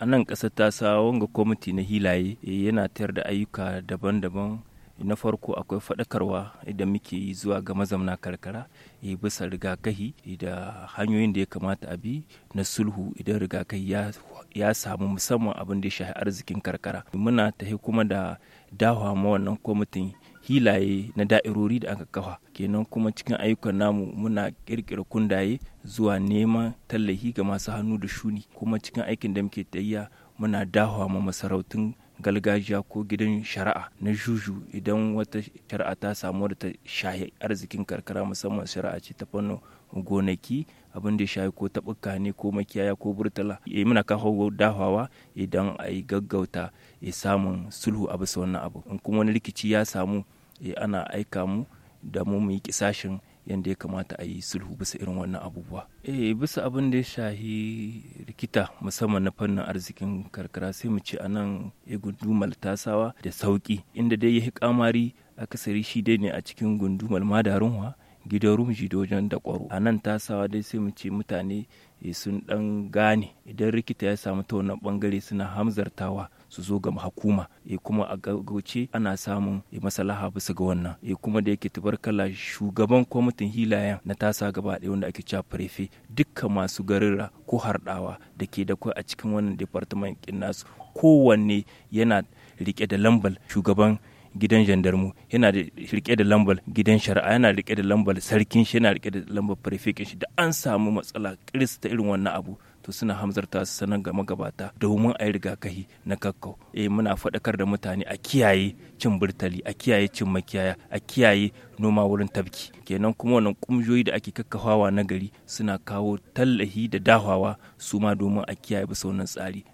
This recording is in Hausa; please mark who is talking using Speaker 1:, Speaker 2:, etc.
Speaker 1: a nan ƙasar sa wanga kwamiti na hilaye eh, yana tayar da ayyuka daban-daban na farko akwai faɗakarwa da muke yi zuwa ga mazamna karkara eh, bisa rigakahi eh, da hanyoyin da ya kamata a bi na sulhu idan rigakahi ya samu musamman abin da ya shafi arzikin karkara muna tahi kuma da dawa ma wannan kwamitin hilaye na da'irori da aka kafa kenan kuma cikin ayyukan namu muna kirkira kundaye zuwa neman tallahi ga masu hannu da shuni kuma cikin aikin da muke tayya muna dawa ma masarautun galgajiya ko gidan shari'a na juju idan wata shari'a ta samu da ta shahi arzikin karkara musamman shari'a ce ta fannin gonaki abin da shayi ko taɓuka ne ko makiyaya ko burtala ya eh, muna kawo dahawa idan a yi gaggauta ya eh, samun sulhu a bisa wannan abu in kuma wani rikici ya samu eh, ana aika mu da mu mu yi kisashin yadda ya kamata a yi sulhu bisa irin wannan abubuwa eh bisa abin da ya shahi rikita musamman na fannin arzikin karkara sai mu ce a nan ya eh, gundumar tasawa da sauki inda dai ya kamari akasari shi dai ne a cikin gundumar madarunwa gidan rumji da wajen da kwaro a nan tasawa dai sai mu ce mutane eh, sun dan gane idan rikita ya samu ta wannan bangare suna hamzartawa su zo ga hukuma e kuma a gauce ana samun e masalaha bisa ga wannan e kuma da yake tabarkala shugaban kwamitin hilayen na tasa gaba ɗaya wanda ake cewa prefe dukka masu garira ko hardawa da ke da kwai a cikin wannan department ɗin nasu kowanne yana rike da lambal shugaban gidan jandarmu yana da rike da lambar gidan shari'a yana rike da lambar sarkin shi yana rike da lambar prefect shi da an samu matsala kirista irin wannan abu to suna hamzarta su sanar ga magabata domin a yi rigakahi na kakkau eh muna faɗakar da mutane a kiyaye cin birtali a kiyaye cin makiyaya a kiyaye noma wurin tabki kenan kuma wannan kumjoyi da ake kakkafawa na gari suna kawo tallahi da dahawa su ma domin a kiyaye bisa wannan tsari